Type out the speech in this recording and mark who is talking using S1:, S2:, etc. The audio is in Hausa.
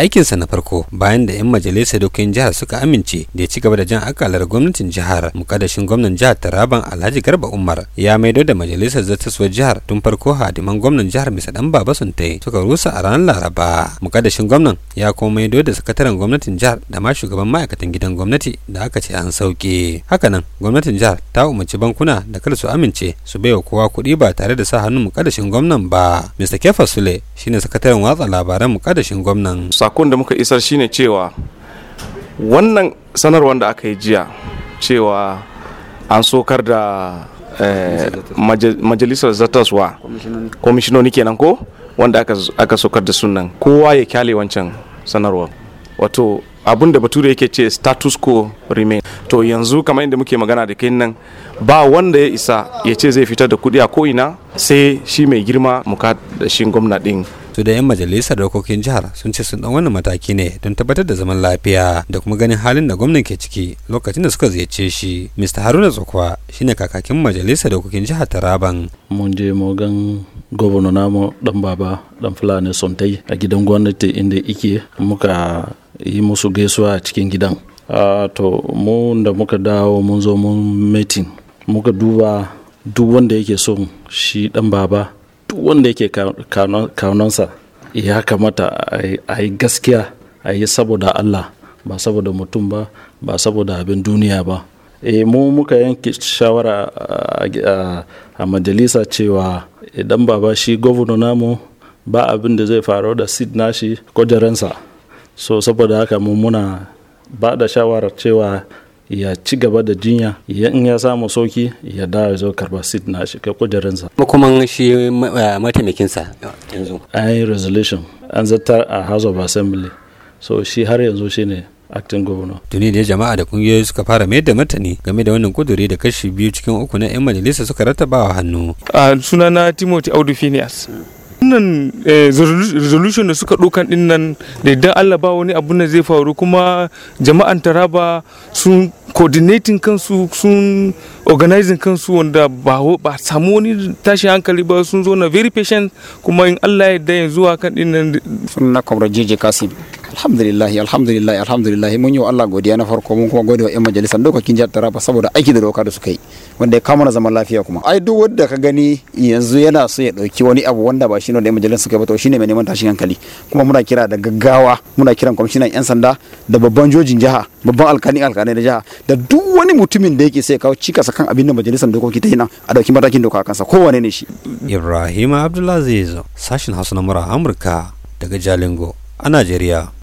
S1: aikinsa na farko bayan da 'yan majalisar dokokin jihar suka amince da ya ci gaba da jan akalar gwamnatin jihar mukaddashin gwamnan jihar taraban alhaji garba umar ya maido da majalisar zata zartaswar jihar tun farko hadiman gwamnan jihar misa dan baba sun tai suka rusa a ranar laraba mukaddashin gwamnan ya kuma maido da sakataren gwamnatin jihar da ma shugaban ma'aikatan gidan gwamnati da aka ce an sauke hakanan gwamnatin jihar ta umarci bankuna da kada su amince su bai wa kowa kuɗi ba tare da sa hannun mukaddashin gwamnan ba mr kefa sule shine sakataren watsa labaran mukaddashin gwamnan
S2: sakon da muka isar shine cewa wannan sanarwar da aka yi jiya cewa an sokar da eh, majalisar zartaswa kwamishinoni kenan ko wanda aka sokar da sunan kowa ya kyale wancan sanarwar wato abin da bature yake ce status quo remain to yanzu kamar inda muke magana da kai nan ba wanda ya isa ya ce zai fitar da kudi a ko'ina sai shi mai girma muka da shi gwamna din su da 'yan majalisar dokokin jihar sun ce sun dan
S1: wannan mataki ne don tabbatar da zaman lafiya da kuma ganin halin da gwamnan ke ciki lokacin da suka ziyarce
S3: shi mr haruna tsokwa shine kakakin majalisar dokokin jihar taraban mun je mu gan gwamna namu dan baba dan fulani sontai a gidan gwamnati inda ike muka yi musu gaisuwa a cikin gidan to mu da muka dawo mun zo mun meeting muka duba duk wanda yake son shi dan baba wanda yake kanonsa ya kamata a yi gaskiya a yi saboda allah ba saboda mutum ba ba saboda abin duniya ba e, mu muka yanke shawara a majalisa cewa idan baba shi gwamna namu ba abin da zai faru da sid nashi jaransa so saboda haka mu muna ba da shawarar cewa ya ci gaba da jinya in ya samu sauki ya dawo zo karba sit na shi ka kujeransa makoman shi eh, mataimakinsa yanzu an yi resolution an zartar a house of assembly so shi har yanzu shi ne acting governor. Tuni ne jama'a da kungiyoyi suka fara mayar da martani
S1: game da wannan kuduri da kashi biyu cikin uku na 'yan majalisa suka wa hannu. Ah, sunana
S2: Timothy Audu Phineas. wannan eh, resolution da suka ɗaukan ɗin nan da idan allah ba wani abu da zai faru kuma jama'an taraba sun coordinating kansu sun organizing kansu wanda ba ba samu wani tashi hankali ba sun zo na very patient kuma in allah ya da yanzu a kan ɗin sunna kwamra jeje kasim
S4: alhamdulillahi alhamdulillahi alhamdulillahi mun yi wa allah godiya na farko mun kuma godiya wa 'yan majalisar dokokin jihar taraba saboda aiki da doka da suka yi wanda ya kama na zaman lafiya kuma ai duk wanda ka gani yanzu yana so ya dauki wani abu wanda ba shine wanda majalisa suka ba to shine mai neman tashin hankali kuma muna kira da gaggawa muna kiran kwamishinan yan sanda da babban jojin jiha babban alkani alkalai da jiha da duk wani mutumin da yake sai kawo cika sakan abin da majalisar dokoki ta yi nan a dauki matakin doka kansa kowane ne shi
S2: Ibrahim Abdulaziz sashin Hausa na Amurka daga Jalingo a Najeriya